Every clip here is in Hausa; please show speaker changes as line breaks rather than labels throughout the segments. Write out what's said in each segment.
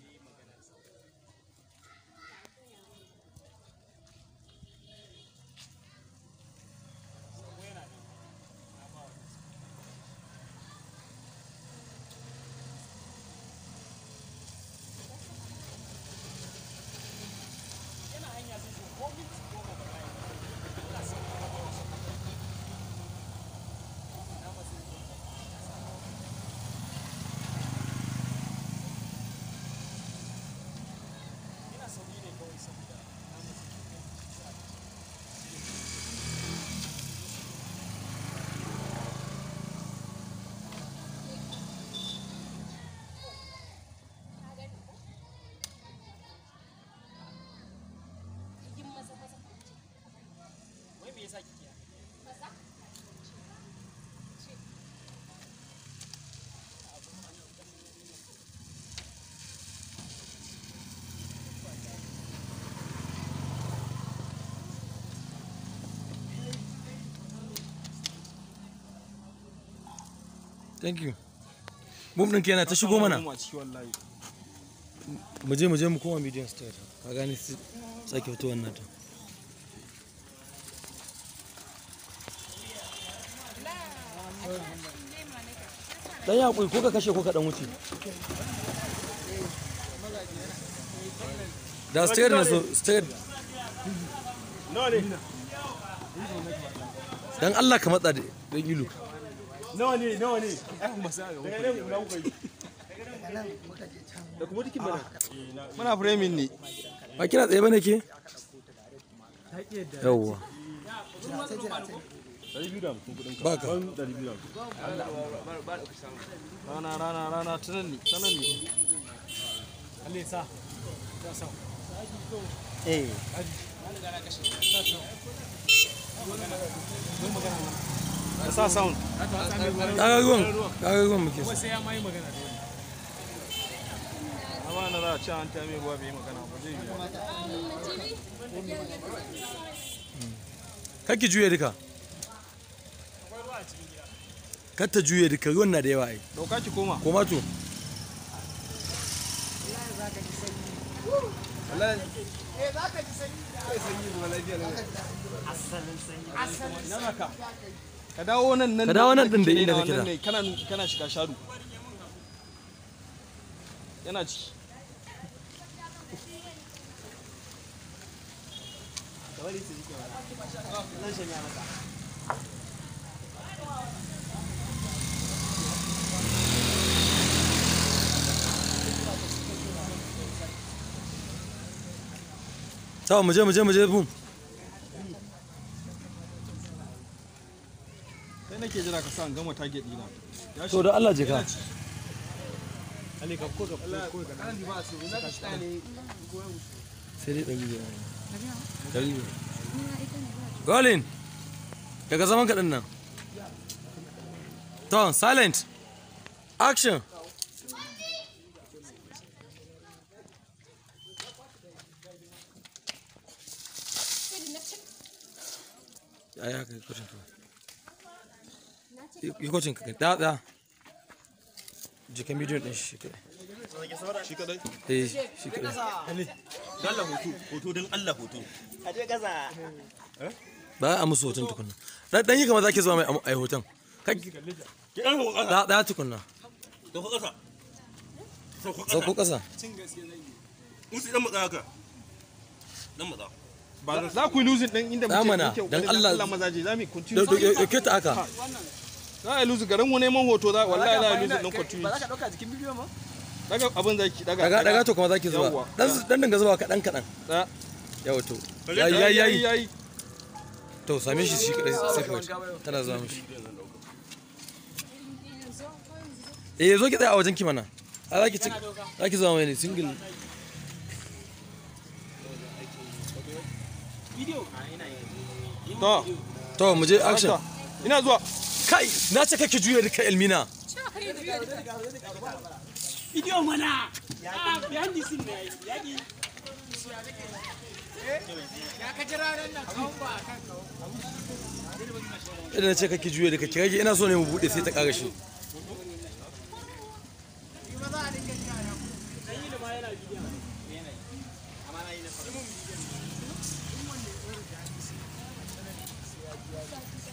Hindi maganda. thank you bum ɗin ta shigo mana mu je mu je mu koma medium star ka gane sake fito wannan ta dan ya ko ka kashe ko ka dan wuce da stair na so stair dan Allah ka matsa da ilu nawa ne nawa ne da kuma muna ne ba kina tsaye bane ke yawwa rana rana rana tunan ne tunan ne Allah ya sa ya sa eh ga na kashe ka sa sound kaga ruwan kaga ruwan muke so sai ya mai magana amma na za a an ta mai ruwa bai magana ba zai biya kake juye duka kar ta juye duka ruwan na da yawa ai dauka ki koma koma to ka dawo nan nan ka dawo nan din da inda kake da kana kana shiga sharu yana ci Tawa muje muje muje boom. nake jira ka sa an gama target dina to da Allah jika golin daga zaman kaɗan nan to silent action ya ya kai kwatanta yi kocin ka da da jikin bidiyon din shi kadai shi kadai eh, shi kadai hoto hoto eh? ba a musu hoton tukunna dan yi kamar zaki zuwa mai ai hoton kai ki dan ko kasa da tukunna matsa ba za ku yi losing din inda muke kyau dan Allah mazaje za mu continue ta haka za a lose garin mu neman hoto za wallahi za a lose din kwatu ba za ka jikin bidiyo ma daga abin daga daga to kuma ki zuba dan dinga zuba kadan Ya yawa to yayi to same shi shi kadai sai tana zuwa mishi eh zo ki tsaya a wajen ki mana a zaki ci mai ne single to to mu je action ina zuwa kai na ce kake juya rika elmina video mana ah, behind the scene ne yaki ya ka jira ran nan kawon ba kan ka idan na ce kake juya duka kirage ina so ne mu bude sai ta kare shi Thank you.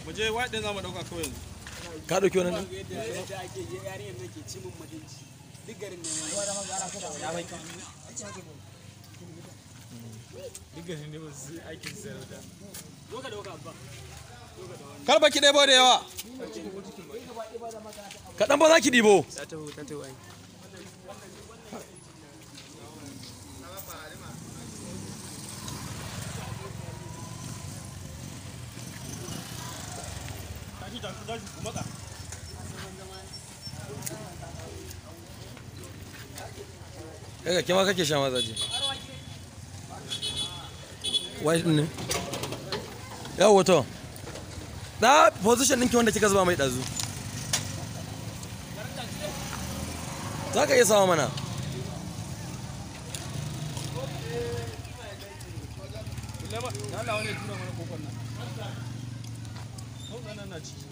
muje je ɗauka kawai yanzu ka ɗauki wani nan ne ɗebo da yawa kaɗan ba za ki ɗibo tashi ku matsa kaga kima kake shama zaje wai ne ya wato da position ɗinki wanda kika zuba mai ɗazu za ka iya sawa mana Yalla wani tura mana kokon nan. Kokon nan na ciki.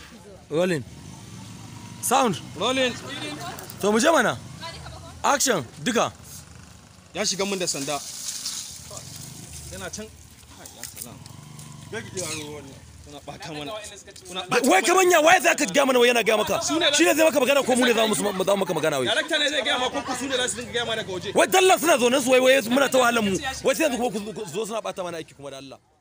rolling sound rolling to mu je mana action duka ya shiga mun da sanda yana can wai ka manya wai za ka gaya mana wai yana gaya maka shi ne zai maka magana ko mu ne za mu za maka magana wai darakta ne zai gaya maka ko su ne za su dinga gaya mana ga waje wai dalla suna zo zaune su wai wai muna ta wahalar mu wai sai yanzu ku zo suna bata mana aiki kuma da Allah